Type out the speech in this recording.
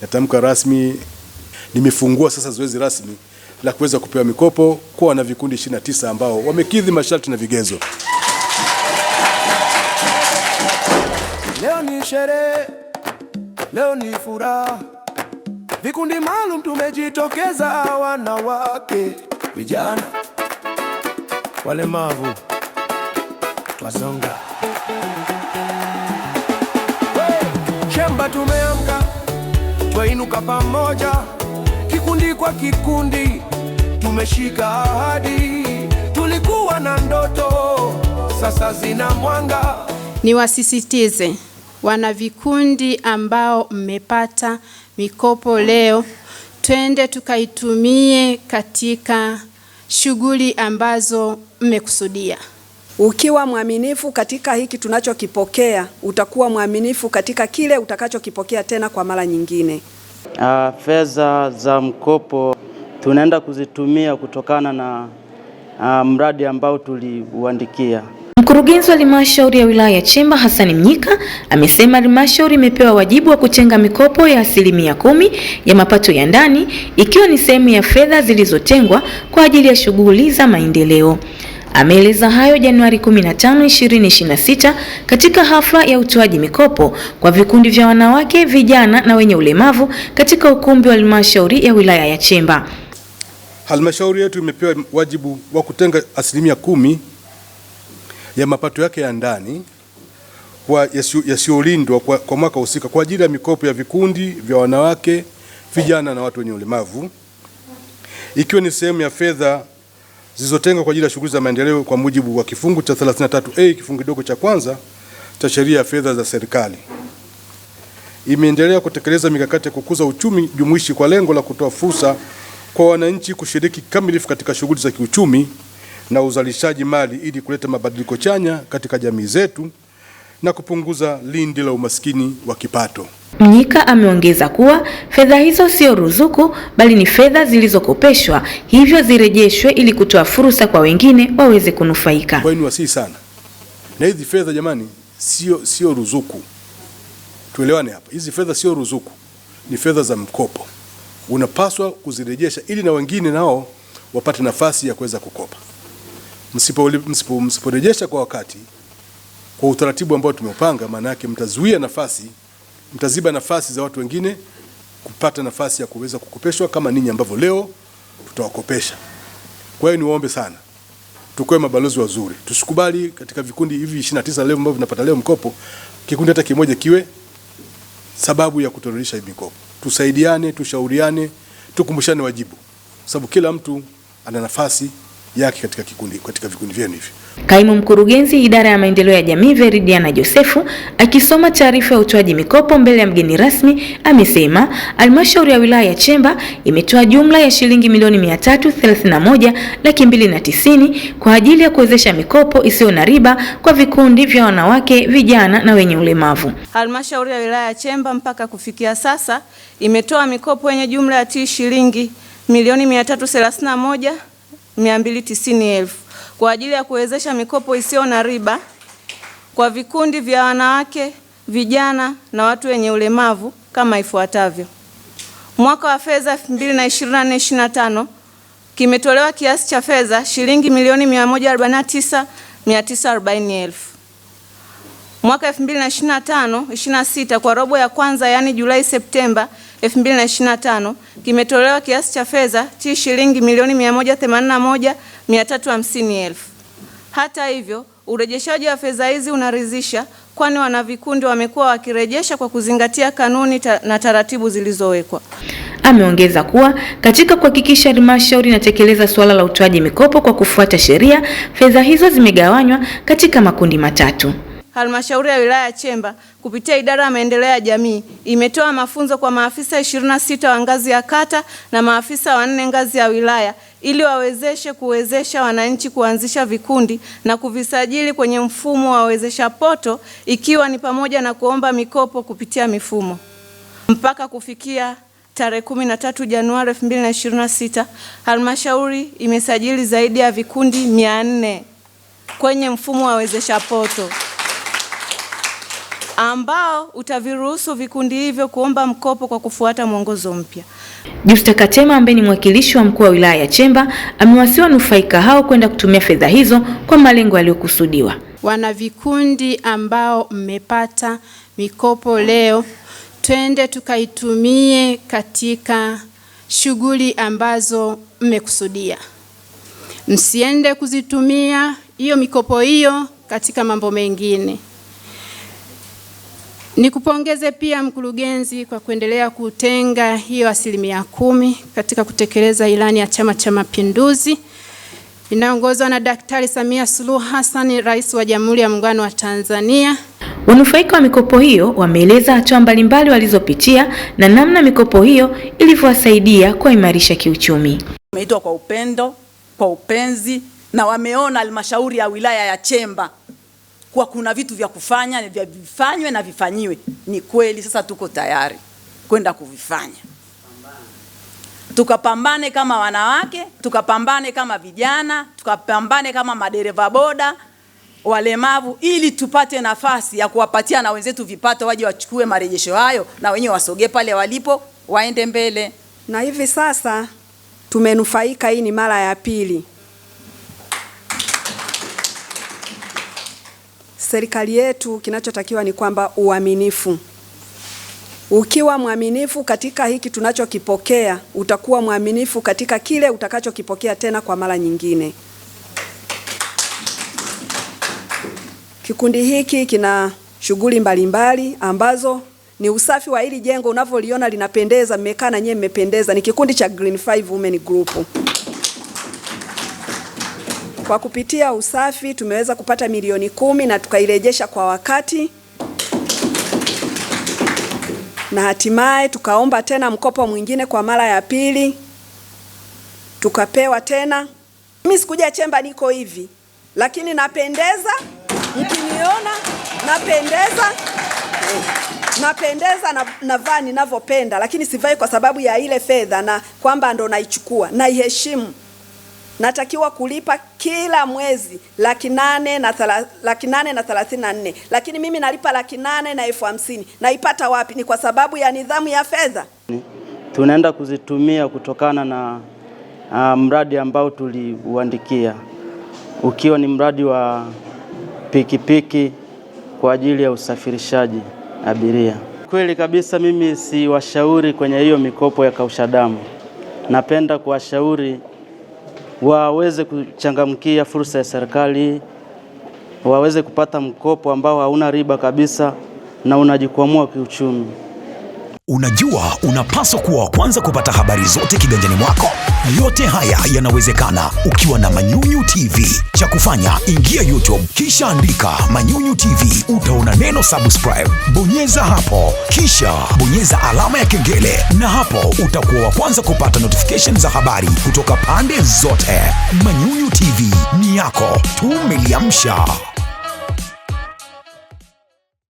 Natamka rasmi nimefungua sasa zoezi rasmi la kuweza kupewa mikopo kwa wana vikundi 29 ambao wamekidhi masharti na vigezo. Leo ni sherehe, leo ni furaha. Vikundi maalum tumejitokeza, wanawake, vijana, walemavu, wazonga, hey, chemba tumeamka Twainuka pamoja, kikundi kwa kikundi, tumeshika ahadi. Tulikuwa na ndoto, sasa zina mwanga. Niwasisitize wana vikundi ambao mmepata mikopo leo, twende tukaitumie katika shughuli ambazo mmekusudia. Ukiwa mwaminifu katika hiki tunachokipokea, utakuwa mwaminifu katika kile utakachokipokea tena kwa mara nyingine. Uh, fedha za mkopo tunaenda kuzitumia kutokana na uh, mradi ambao tuliuandikia. Mkurugenzi wa halmashauri ya wilaya ya Chemba Hassan Mnyika amesema halmashauri imepewa wajibu wa kutenga mikopo ya asilimia kumi ya mapato ya ndani ikiwa ni sehemu ya fedha zilizotengwa kwa ajili ya shughuli za maendeleo. Ameeleza hayo Januari 15, 2026 katika hafla ya utoaji mikopo kwa vikundi vya wanawake, vijana na wenye ulemavu katika ukumbi wa halmashauri ya wilaya ya Chemba. Halmashauri yetu imepewa wajibu wa kutenga asilimia kumi ya mapato yake ya ndani kwa yasiyolindwa kwa, kwa mwaka husika kwa ajili ya mikopo ya vikundi vya wanawake, vijana na watu wenye ulemavu ikiwa ni sehemu ya fedha zilizotengwa kwa ajili ya shughuli za maendeleo kwa mujibu wa kifungu cha 33A kifungu kidogo cha kwanza cha sheria ya fedha za serikali. Imeendelea kutekeleza mikakati ya kukuza uchumi jumuishi kwa lengo la kutoa fursa kwa wananchi kushiriki kamilifu katika shughuli za kiuchumi na uzalishaji mali ili kuleta mabadiliko chanya katika jamii zetu na kupunguza lindi la umaskini wa kipato. Mnyika ameongeza kuwa fedha hizo sio ruzuku bali ni fedha zilizokopeshwa, hivyo zirejeshwe ili kutoa fursa kwa wengine waweze kunufaika. Kwa hiyo niwasihi sana na hizi fedha jamani, sio sio ruzuku, tuelewane hapa. Hizi fedha sio ruzuku, ni fedha za mkopo, unapaswa kuzirejesha ili na wengine nao wapate nafasi ya kuweza kukopa. Msiporejesha msipo, msipo kwa wakati kwa utaratibu ambao tumeupanga, maana yake mtazuia nafasi, mtaziba nafasi za watu wengine kupata nafasi ya kuweza kukopeshwa kama ninyi ambavyo leo tutawakopesha. Kwa hiyo niwaombe sana, tukoe mabalozi wazuri, tusikubali katika vikundi hivi 29 leo ambavyo vinapata leo mkopo, kikundi hata kimoja kiwe sababu ya kutorudisha hii mikopo. Tusaidiane, tushauriane, tukumbushane wajibu, sababu kila mtu ana nafasi yake katika kikundi, katika vikundi vyenu hivi. Kaimu mkurugenzi idara ya maendeleo ya jamii Veridiana Josefu akisoma taarifa ya utoaji mikopo mbele ya mgeni rasmi amesema halmashauri ya wilaya ya Chemba imetoa jumla ya shilingi milioni 331 laki mbili na tisini kwa ajili ya kuwezesha mikopo isiyo na riba kwa vikundi vya wanawake, vijana na wenye ulemavu. Halmashauri ya wilaya ya Chemba mpaka kufikia sasa imetoa mikopo yenye jumla ya shilingi milioni 331 290,000 kwa ajili ya kuwezesha mikopo isiyo na riba kwa vikundi vya wanawake, vijana na watu wenye ulemavu kama ifuatavyo. Mwaka wa fedha 2024/2025 kimetolewa kiasi cha fedha shilingi milioni 149,940,000. Mwaka 2025/26 kwa robo ya kwanza, yaani Julai Septemba kimetolewa kiasi cha fedha chi shilingi milioni 181350 Hata hivyo, urejeshaji wa fedha hizi unaridhisha, kwani wanavikundi wamekuwa wakirejesha kwa kuzingatia kanuni ta na taratibu zilizowekwa. Ameongeza kuwa katika kuhakikisha halmashauri inatekeleza suala la utoaji mikopo kwa kufuata sheria, fedha hizo zimegawanywa katika makundi matatu halmashauri ya wilaya ya Chemba kupitia idara ya maendeleo ya jamii imetoa mafunzo kwa maafisa 26 wa ngazi ya kata na maafisa wanne ngazi ya wilaya ili wawezeshe kuwezesha wananchi kuanzisha vikundi na kuvisajili kwenye mfumo wa wezesha poto ikiwa ni pamoja na kuomba mikopo kupitia mifumo mpaka kufikia tarehe 13 Januari 2026 halmashauri imesajili zaidi ya vikundi 400 kwenye mfumo wa wezesha poto ambao utaviruhusu vikundi hivyo kuomba mkopo kwa kufuata mwongozo mpya. Justa Katema ambaye ni mwakilishi wa mkuu wa wilaya ya Chemba amewasihi wanufaika hao kwenda kutumia fedha hizo kwa malengo yaliyokusudiwa. Wana vikundi ambao mmepata mikopo leo, twende tukaitumie katika shughuli ambazo mmekusudia. Msiende kuzitumia hiyo mikopo hiyo katika mambo mengine. Nikupongeze pia mkurugenzi kwa kuendelea kutenga hiyo asilimia kumi katika kutekeleza ilani ya Chama cha Mapinduzi inayoongozwa na Daktari Samia Suluhu Hassan, Rais wa Jamhuri ya Muungano wa Tanzania. Wanufaika wa mikopo hiyo wameeleza hatua mbalimbali walizopitia na namna mikopo hiyo ilivyowasaidia kuimarisha kiuchumi. Wameitwa kwa upendo, kwa upenzi na wameona halmashauri ya wilaya ya Chemba kuwa kuna vitu vya kufanya vya vifanywe na vifanyiwe. Ni kweli, sasa tuko tayari kwenda kuvifanya. Tukapambane kama wanawake, tukapambane kama vijana, tukapambane kama madereva boda, walemavu, ili tupate nafasi ya kuwapatia na wenzetu vipato, waje wachukue marejesho hayo na wenyewe wasogee pale walipo, waende mbele. Na hivi sasa tumenufaika, hii ni mara ya pili. serikali yetu kinachotakiwa ni kwamba uaminifu. Ukiwa mwaminifu katika hiki tunachokipokea, utakuwa mwaminifu katika kile utakachokipokea tena kwa mara nyingine. Kikundi hiki kina shughuli mbalimbali ambazo ni usafi wa hili jengo unavyoliona linapendeza, mmekaa na nyie mmependeza. Ni kikundi cha Green 5 Women Group. Kwa kupitia usafi tumeweza kupata milioni kumi na tukairejesha kwa wakati, na hatimaye tukaomba tena mkopo mwingine kwa mara ya pili, tukapewa tena. Mimi sikuja chemba, niko hivi, lakini napendeza, mkiniona napendeza napendeza na navaa ninavyopenda, lakini sivai kwa sababu ya ile fedha na kwamba ndo naichukua, naiheshimu natakiwa kulipa kila mwezi laki nane na laki nane na thelathini na nne, lakini mimi nalipa laki nane na elfu hamsini. Naipata wapi? Ni kwa sababu ya nidhamu ya fedha tunaenda kuzitumia kutokana na uh, mradi ambao tuliuandikia ukiwa ni mradi wa pikipiki piki kwa ajili ya usafirishaji abiria. Kweli kabisa, mimi siwashauri kwenye hiyo mikopo ya kausha damu. Napenda kuwashauri waweze kuchangamkia fursa ya serikali, waweze kupata mkopo ambao hauna riba kabisa na unajikwamua kiuchumi. Unajua, unapaswa kuwa wa kwanza kupata habari zote kiganjani mwako. Yote haya yanawezekana ukiwa na Manyunyu TV. Cha kufanya ingia YouTube, kisha andika Manyunyu TV uta neno subscribe, bonyeza hapo, kisha bonyeza alama ya kengele, na hapo utakuwa wa kwanza kupata notification za habari kutoka pande zote. Manyunyu TV ni yako, tumeliamsha.